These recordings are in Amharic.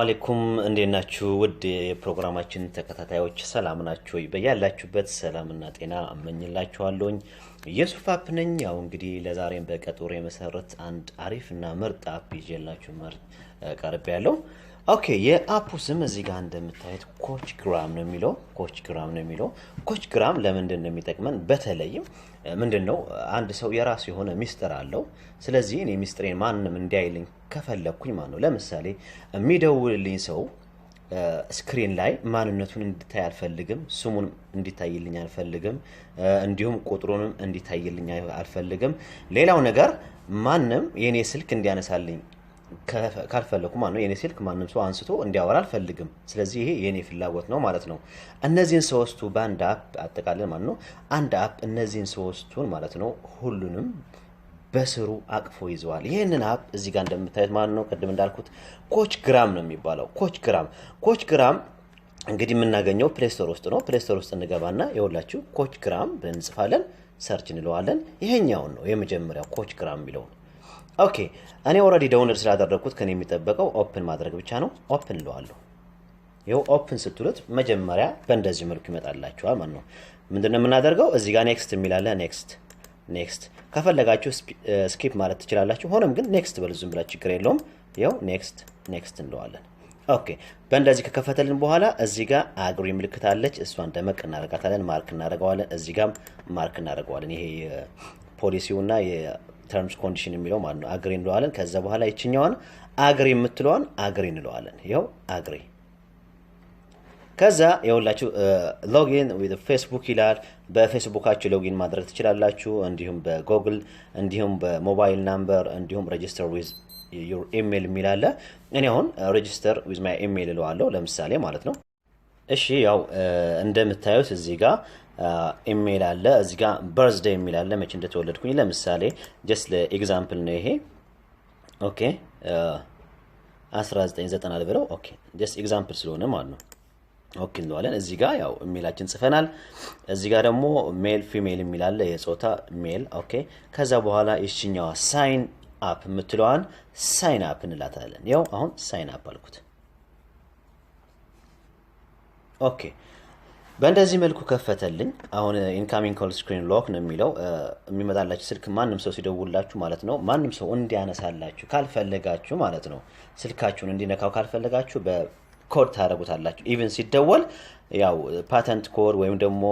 አለይኩም እንዴት ናችሁ? ውድ የፕሮግራማችን ተከታታዮች ሰላም ናችሁ? በያላችሁበት ሰላምና ጤና እመኝላችኋለሁኝ። የሱፍ አፕ ነኝ። ያው እንግዲህ ለዛሬም በቀጦር የመሰረት አንድ አሪፍና ምርጥ አፕ ይዤላችሁ ቀርቤ ያለው ኦኬ የአፑ ስም እዚህ ጋር እንደምታዩት ኮች ግራም ነው የሚለው ኮች ግራም ነው የሚለው ኮች ግራም ለምንድን ነው የሚጠቅመን? በተለይም ምንድን ነው አንድ ሰው የራሱ የሆነ ሚስጥር አለው። ስለዚህ እኔ ሚስጥሬን ማንም እንዲያይልኝ ከፈለግኩኝ ማ ነው። ለምሳሌ የሚደውልልኝ ሰው ስክሪን ላይ ማንነቱን እንዲታይ አልፈልግም። ስሙን እንዲታይልኝ አልፈልግም። እንዲሁም ቁጥሩንም እንዲታይልኝ አልፈልግም። ሌላው ነገር ማንም የእኔ ስልክ እንዲያነሳልኝ ካልፈለኩ ማነው የኔ ስልክ ማንም ሰው አንስቶ እንዲያወራ አልፈልግም። ስለዚህ ይሄ የኔ ፍላጎት ነው ማለት ነው። እነዚህን ሶስቱ በአንድ አፕ አጠቃለን ማለት ነው። አንድ አፕ እነዚህን ሶስቱን ማለት ነው ሁሉንም በስሩ አቅፎ ይዘዋል። ይህንን አፕ እዚህ ጋር እንደምታዩት ማለት ነው ቅድም እንዳልኩት ኮች ግራም ነው የሚባለው። ኮች ግራም ኮች ግራም እንግዲህ የምናገኘው ፕሌስቶር ውስጥ ነው። ፕሌስቶር ውስጥ እንገባና የሁላችሁ ኮች ግራም ብለን እንጽፋለን፣ ሰርች እንለዋለን። ይሄኛውን ነው የመጀመሪያው ኮች ግራም የሚለውን ኦኬ እኔ ኦልሬዲ ዳውንሎድ ስላደረግኩት ከኔ የሚጠበቀው ኦፕን ማድረግ ብቻ ነው። ኦፕን ለዋለሁ። ይኸው ኦፕን ስትሉት መጀመሪያ በእንደዚህ መልኩ ይመጣላችኋል ማለት ነው። ምንድነው የምናደርገው? እዚህ ጋር ኔክስት የሚላለ ኔክስት ኔክስት ከፈለጋችሁ ስኪፕ ማለት ትችላላችሁ። ሆኖም ግን ኔክስት በሉ ዝም ብላ ችግር የለውም። ይኸው ኔክስት ኔክስት እንለዋለን። ኦኬ በእንደዚህ ከከፈተልን በኋላ እዚህ ጋር አግሪ ምልክት አለች። እሷን ደመቅ እናደርጋታለን፣ ማርክ እናደርገዋለን። እዚህ ጋም ማርክ እናደርገዋለን። ይሄ ፖሊሲውና ተርምስ ኮንዲሽን የሚለው ማለት ነው። አግሪ እንለዋለን። ከዛ በኋላ ይችኛዋን አግሪ የምትለዋን አግሪ እንለዋለን። ይኸው አግሪ ከዛ የሁላችሁ ሎጊን ዊዝ ፌስቡክ ይላል። በፌስቡካችሁ ሎጊን ማድረግ ትችላላችሁ። እንዲሁም በጎግል እንዲሁም በሞባይል ናምበር እንዲሁም ሬጅስተር ዊዝ ዩር ኢሜይል የሚላለ እኔ አሁን ሬጅስተር ዊዝ ማይ ኢሜይል እለዋለሁ ለምሳሌ ማለት ነው። እሺ ያው እንደምታዩት እዚህ ጋር ኢሜል አለ እዚህ ጋር በርዝዴ የሚል አለ መቼ እንደተወለድኩኝ ለምሳሌ ጀስት ለኤግዛምፕል ነው ይሄ ኦኬ 1990 ልበለው ኦኬ ጀስት ኤግዛምፕል ስለሆነ ማለት ነው ኦኬ እንለዋለን እዚህ ጋር ያው ሜላችን ጽፈናል እዚህ ጋር ደግሞ ሜል ፊሜል የሚል አለ የጾታ ሜል ኦኬ ከዛ በኋላ ይችኛዋ ሳይን አፕ የምትለዋን ሳይን አፕ እንላታለን ያው አሁን ሳይን አፕ አልኩት ኦኬ በእንደዚህ መልኩ ከፈተልኝ አሁን ኢንካሚንግ ኮል ስክሪን ሎክ ነው የሚለው የሚመጣላችሁ ስልክ ማንም ሰው ሲደውላችሁ ማለት ነው ማንም ሰው እንዲያነሳላችሁ ካልፈለጋችሁ ማለት ነው ስልካችሁን እንዲነካው ካልፈለጋችሁ በኮድ ታደረጉታላችሁ ኢቨን ሲደወል ያው ፓተንት ኮድ ወይም ደግሞ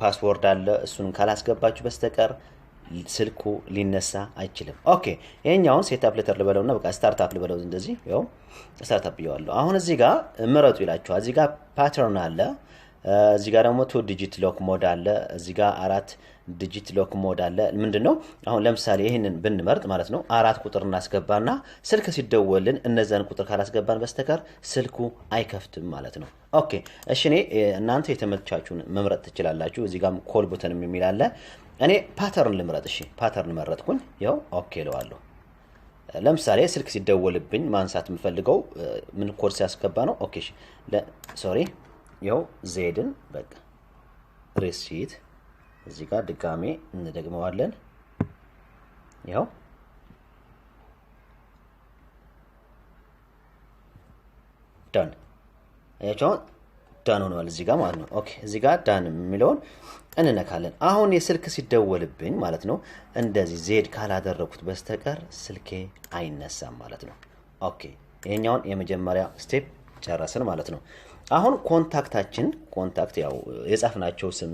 ፓስወርድ አለ እሱን ካላስገባችሁ በስተቀር ስልኩ ሊነሳ አይችልም። ኦኬ ይሄኛውን ሴት ልበለው ልበለውና በቃ ስታርታፕ ልበለው እንደዚህ ው ስታርታፕ ብየዋለሁ። አሁን እዚህ ጋር ምረጡ ይላችኋል። እዚህ ጋር ፓተርን አለ፣ እዚህ ጋር ደግሞ ቱ ዲጂት ሎክ ሞድ አለ፣ እዚህ ጋር አራት ዲጂት ሎክ ሞድ አለ። ምንድን ነው አሁን ለምሳሌ ይህንን ብንመርጥ ማለት ነው አራት ቁጥር እናስገባና ስልክ ሲደወልን እነዚያን ቁጥር ካላስገባን በስተቀር ስልኩ አይከፍትም ማለት ነው። ኦኬ እሺ፣ እኔ እናንተ የተመቻችሁን መምረጥ ትችላላችሁ። እዚህ ጋም ኮል ቡተን የሚል አለ እኔ ፓተርን ልምረጥ። እሺ ፓተርን መረጥኩኝ። ያው ኦኬ እለዋለሁ። ለምሳሌ ስልክ ሲደወልብኝ ማንሳት የምፈልገው ምን ኮድ ሲያስገባ ነው? ኦኬ ሶሪ፣ ያው ዜድን በቃ ሪሲት እዚህ ጋር ድጋሜ እንደግመዋለን። ያው ዳን አያቸው ዳን ሆነዋል እዚህ ጋር ማለት ነው። ኦኬ እዚህ ጋር ዳን የሚለውን እንነካለን። አሁን የስልክ ሲደወልብኝ ማለት ነው እንደዚህ ዜድ ካላደረኩት በስተቀር ስልኬ አይነሳም ማለት ነው። ኦኬ ይሄኛውን የመጀመሪያ ስቴፕ ጨረስን ማለት ነው። አሁን ኮንታክታችን ኮንታክት ያው የጻፍናቸው ስም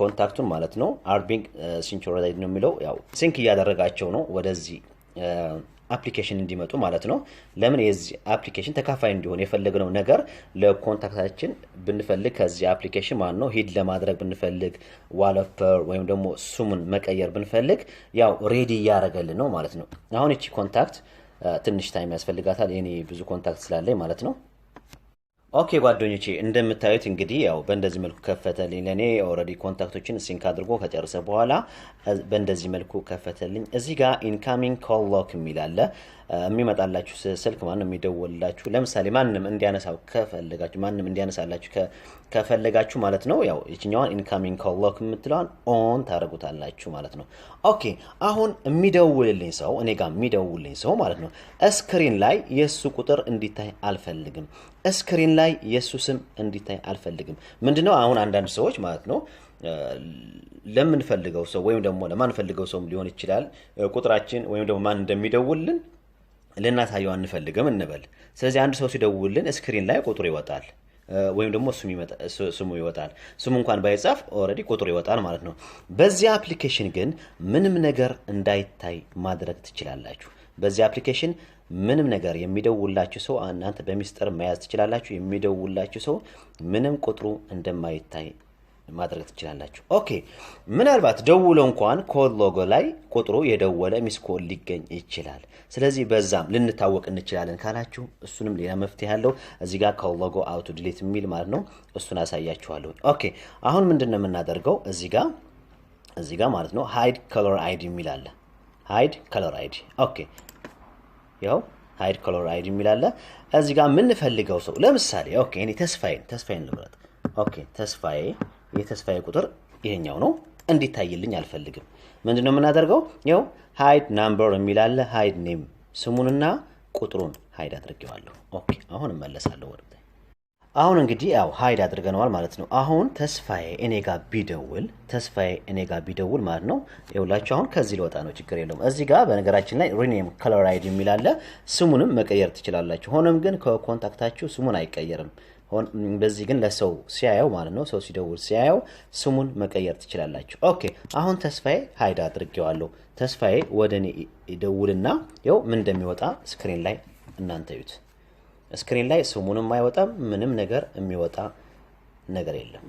ኮንታክቱን ማለት ነው አርቢንግ ሲንቾራይድ ነው የሚለው ያው ሲንክ እያደረጋቸው ነው ወደዚህ አፕሊኬሽን እንዲመጡ ማለት ነው። ለምን የዚህ አፕሊኬሽን ተካፋይ እንዲሆን የፈለግነው ነገር ለኮንታክታችን ብንፈልግ ከዚህ አፕሊኬሽን ማለት ነው ሂድ ለማድረግ ብንፈልግ ዋለፐር ወይም ደግሞ ሱሙን መቀየር ብንፈልግ ያው ሬዲ እያደረገልን ነው ማለት ነው። አሁን እቺ ኮንታክት ትንሽ ታይም ያስፈልጋታል። የኔ ብዙ ኮንታክት ስላለኝ ማለት ነው። ኦኬ ጓደኞቼ እንደምታዩት እንግዲህ ያው በእንደዚህ መልኩ ከፈተልኝ። ለእኔ ኦረዲ ኮንታክቶችን ሲንክ አድርጎ ከጨረሰ በኋላ በእንደዚህ መልኩ ከፈተልኝ። እዚህ ጋር ኢንካሚንግ ኮል ሎክ የሚላለ የሚመጣላችሁ ስልክ ማንም የሚደወልላችሁ ለምሳሌ ማንም እንዲያነሳው ከፈለጋችሁ ማንም እንዲያነሳላችሁ ከፈለጋችሁ ማለት ነው ያው የትኛዋን ኢንካሚንግ ኮሎክ የምትለዋን ኦን ታደረጉታላችሁ ማለት ነው። ኦኬ አሁን የሚደውልልኝ ሰው እኔ ጋር የሚደውልልኝ ሰው ማለት ነው እስክሪን ላይ የእሱ ቁጥር እንዲታይ አልፈልግም። ስክሪን ላይ የእሱ ስም እንዲታይ አልፈልግም። ምንድነው አሁን አንዳንድ ሰዎች ማለት ነው ለምንፈልገው ሰው ወይም ደግሞ ለማንፈልገው ሰውም ሊሆን ይችላል ቁጥራችን ወይም ደግሞ ማን እንደሚደውልን ልናሳየው አንፈልግም እንበል። ስለዚህ አንድ ሰው ሲደውልን ስክሪን ላይ ቁጥሩ ይወጣል ወይም ደግሞ ስሙ ይወጣል። ስሙ እንኳን ባይጻፍ ኦልሬዲ ቁጥሩ ይወጣል ማለት ነው። በዚህ አፕሊኬሽን ግን ምንም ነገር እንዳይታይ ማድረግ ትችላላችሁ። በዚህ አፕሊኬሽን ምንም ነገር የሚደውላችሁ ሰው እናንተ በሚስጥር መያዝ ትችላላችሁ። የሚደውላችሁ ሰው ምንም ቁጥሩ እንደማይታይ ማድረግ ትችላላችሁ። ኦኬ ምናልባት ደውሎ እንኳን ኮል ሎጎ ላይ ቁጥሩ የደወለ ሚስኮል ሊገኝ ይችላል። ስለዚህ በዛም ልንታወቅ እንችላለን ካላችሁ እሱንም ሌላ መፍትሄ ያለው እዚህ ጋር ኮል ሎጎ አውቶ ዲሌት የሚል ማለት ነው። እሱን አሳያችኋለሁ። ኦኬ አሁን ምንድን ነው የምናደርገው? እዚህ ጋር እዚህ ጋር ማለት ነው ሃይድ ከለር አይዲ የሚል አለ። ሃይድ ከለር አይዲ ኦኬ፣ ይኸው ሃይድ ከለር አይዲ የሚል አለ። እዚህ ጋር የምንፈልገው ሰው ለምሳሌ ኦኬ፣ እኔ ተስፋዬን ተስፋዬን ልምረጥ። ኦኬ ተስፋዬ የተስፋዬ ቁጥር ይሄኛው ነው እንዲታይልኝ አልፈልግም። ምንድን ነው የምናደርገው? ው ሃይድ ናምበር የሚላለ ሃይድ ኔም ስሙንና ቁጥሩን ሃይድ አድርጌዋለሁ። አሁን እመለሳለሁ ወደ አሁን እንግዲህ ያው ሃይድ አድርገነዋል ማለት ነው። አሁን ተስፋዬ እኔ ጋር ቢደውል ተስፋዬ እኔ ቢደውል ማለት ነው ይውላችሁ፣ አሁን ከዚህ ለወጣ ነው፣ ችግር የለውም። እዚህ ጋር በነገራችን ላይ ሪኔም ከለራይድ የሚላለ ስሙንም መቀየር ትችላላችሁ። ሆኖም ግን ከኮንታክታችሁ ስሙን አይቀየርም። በዚህ ግን ለሰው ሲያየው ማለት ነው ሰው ሲደውል ሲያየው ስሙን መቀየር ትችላላችሁ። ኦኬ አሁን ተስፋዬ ሀይድ አድርጌዋለሁ። ተስፋዬ ወደ እኔ ይደውልና ው ምን እንደሚወጣ ስክሪን ላይ እናንተ ዩት። ስክሪን ላይ ስሙንም አይወጣም፣ ምንም ነገር የሚወጣ ነገር የለም።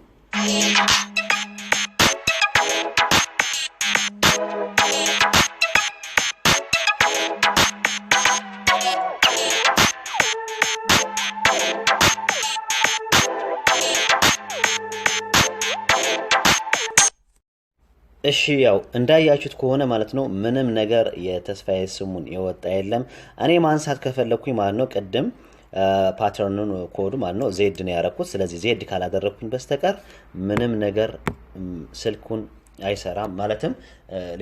እሺ ያው እንዳያችሁት ከሆነ ማለት ነው ምንም ነገር የተስፋዬ ስሙን የወጣ የለም። እኔ ማንሳት ከፈለግኩኝ ማለት ነው ቅድም ፓተርኑን ኮዱ ማለት ነው ዜድ ነው ያረኩት። ስለዚህ ዜድ ካላደረግኩኝ በስተቀር ምንም ነገር ስልኩን አይሰራም። ማለትም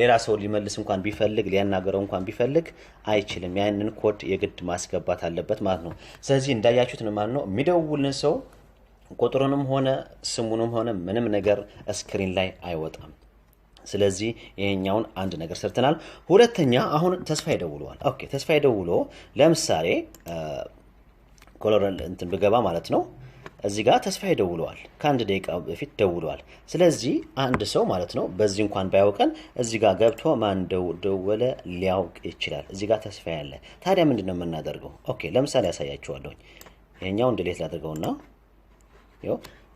ሌላ ሰው ሊመልስ እንኳን ቢፈልግ ሊያናገረው እንኳን ቢፈልግ አይችልም። ያንን ኮድ የግድ ማስገባት አለበት ማለት ነው። ስለዚህ እንዳያችሁት ማለት ነው የሚደውልን ሰው ቁጥሩንም ሆነ ስሙንም ሆነ ምንም ነገር ስክሪን ላይ አይወጣም። ስለዚህ ይሄኛውን አንድ ነገር ሰርተናል። ሁለተኛ አሁን ተስፋ ይደውሏል። ኦኬ ተስፋ ደውሎ ለምሳሌ ኮሎረል እንትን ብገባ ማለት ነው እዚህ ጋር ተስፋዬ ደውለዋል። ከአንድ ደቂቃ በፊት ደውለዋል። ስለዚህ አንድ ሰው ማለት ነው በዚህ እንኳን ባያውቀን እዚህ ጋር ገብቶ ማን ደወለ ሊያውቅ ይችላል። እዚህ ጋር ተስፋዬ አለ። ታዲያ ምንድን ነው የምናደርገው? ኦኬ ለምሳሌ ያሳያችኋለሁኝ። ይሄኛው ድሌት ላደርገውና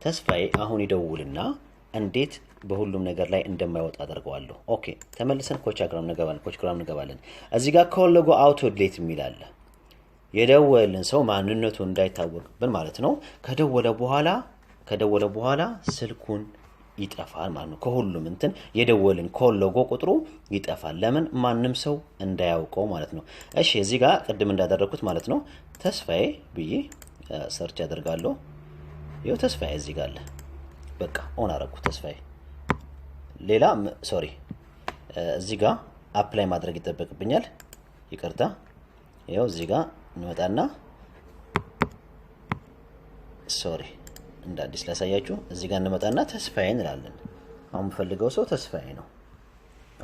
ተስፋዬ አሁን ይደውልና እንዴት በሁሉም ነገር ላይ እንደማይወጣ አደርገዋለሁ። ኦኬ ተመልሰን ኮች ግራም እንገባለን። ኮች ግራም እንገባለን። እዚህ ጋር ኮል ሎጎ አውቶ ዲሌት የሚላለ የደወልን ሰው ማንነቱ እንዳይታወቅብን ማለት ነው። ከደወለ በኋላ ከደወለ በኋላ ስልኩን ይጠፋል ማለት ነው። ከሁሉም እንትን የደወልን ኮል ሎጎ ቁጥሩ ይጠፋል። ለምን ማንም ሰው እንዳያውቀው ማለት ነው። እሺ እዚህ ጋር ቅድም እንዳደረግኩት ማለት ነው ተስፋዬ ብዬ ሰርች ያደርጋለሁ። ይው ተስፋዬ እዚህ ጋር አለ። በቃ ኦን አረግኩ ተስፋዬ ሌላ ሶሪ እዚህ ጋር አፕላይ ማድረግ ይጠበቅብኛል። ይቅርታ ይኸው እዚህ ጋር እንመጣና ሶሪ እንደ አዲስ ላሳያችሁ። እዚህ ጋር እንመጣና ተስፋዬ እንላለን። አሁን የምፈልገው ሰው ተስፋዬ ነው።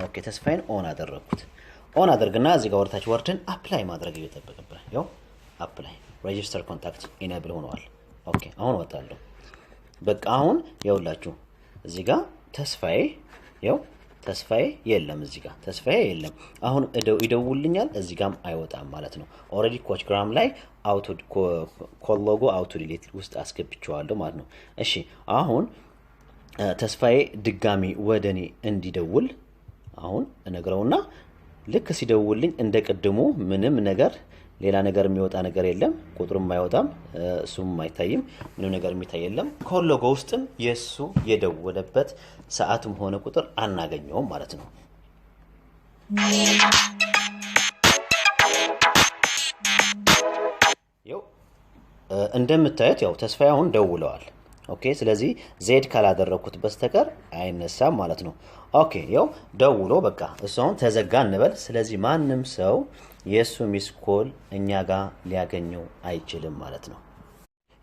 ኦኬ ተስፋዬን ኦን አደረግኩት። ኦን አድርግና እዚህ ጋር ወርታች ወርድን አፕላይ ማድረግ እየጠበቅብናል። ያው አፕላይ ሬጅስተር ኮንታክት ኢነብል ሆነዋል። ኦኬ አሁን ወጣለሁ። በቃ አሁን የውላችሁ እዚህ ጋር ተስፋዬ ያው ተስፋዬ የለም እዚህ ጋር ተስፋዬ የለም። አሁን ይደውልኛል እዚህ ጋም አይወጣም ማለት ነው። ኦረዲ ኮች ግራም ላይ ኮሎጎ አውቶ ዲሌት ውስጥ አስገብቸዋለሁ ማለት ነው። እሺ አሁን ተስፋዬ ድጋሚ ወደ እኔ እንዲደውል አሁን እነግረውና ልክ ሲደውልኝ እንደ ቅድሙ ምንም ነገር ሌላ ነገር የሚወጣ ነገር የለም። ቁጥርም አይወጣም፣ እሱም አይታይም፣ ምንም ነገር የሚታይ የለም። ከሎጎ ውስጥም የእሱ የደወለበት ሰዓትም ሆነ ቁጥር አናገኘውም ማለት ነው። እንደምታዩት ያው ተስፋ አሁን ደውለዋል። ኦኬ ስለዚህ ዜድ ካላደረግኩት በስተቀር አይነሳም ማለት ነው። ኦኬ ያው ደውሎ በቃ እሱ አሁን ተዘጋ እንበል። ስለዚህ ማንም ሰው የእሱ ሚስ ኮል እኛ ጋር ሊያገኘው አይችልም ማለት ነው።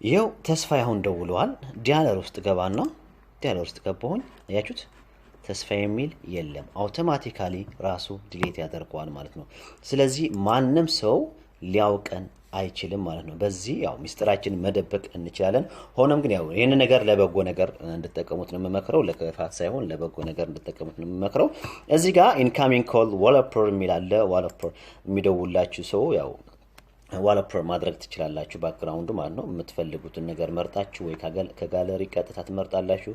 ይኸው ተስፋዬ አሁን ደውለዋል። ዲያለር ውስጥ ገባና ዲያለር ውስጥ ገባሁኝ። አያችሁት? ተስፋ የሚል የለም። አውቶማቲካሊ ራሱ ድሌት ያደርገዋል ማለት ነው። ስለዚህ ማንም ሰው ሊያውቀን አይችልም ማለት ነው። በዚህ ያው ሚስጥራችን መደበቅ እንችላለን። ሆኖም ግን ያው ይህን ነገር ለበጎ ነገር እንድጠቀሙት ነው የምመክረው፣ ለክፋት ሳይሆን ለበጎ ነገር እንድጠቀሙት ነው የምመክረው። እዚህ ጋር ኢንካሚንግ ኮል ዋለፕር የሚላለ ዋለፕር የሚደውላችሁ ሰው ያው ዋለፕር ማድረግ ትችላላችሁ። ባክግራውንዱ ማለት ነው የምትፈልጉትን ነገር መርጣችሁ ወይ ከጋለሪ ቀጥታ ትመርጣላችሁ፣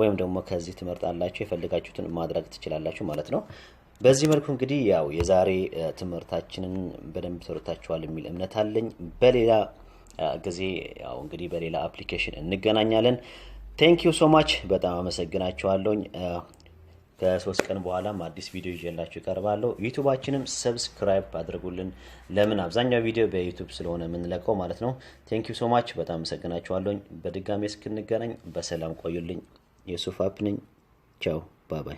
ወይም ደግሞ ከዚህ ትመርጣላችሁ። የፈልጋችሁትን ማድረግ ትችላላችሁ ማለት ነው። በዚህ መልኩ እንግዲህ ያው የዛሬ ትምህርታችንን በደንብ ተረድታችኋል የሚል እምነት አለኝ። በሌላ ጊዜ ያው እንግዲህ በሌላ አፕሊኬሽን እንገናኛለን። ቴንክ ዩ ሶ ማች በጣም አመሰግናችኋለሁኝ። ከሶስት ቀን በኋላም አዲስ ቪዲዮ ይዤላችሁ ይቀርባለሁ። ዩቱባችንም ሰብስክራይብ አድርጉልን። ለምን አብዛኛው ቪዲዮ በዩቱብ ስለሆነ የምንለቀው ማለት ነው። ቴንክ ዩ ሶ ማች በጣም አመሰግናችኋለሁኝ። በድጋሚ እስክንገናኝ በሰላም ቆዩልኝ። የሱፍ አፕ ነኝ። ቻው ባባይ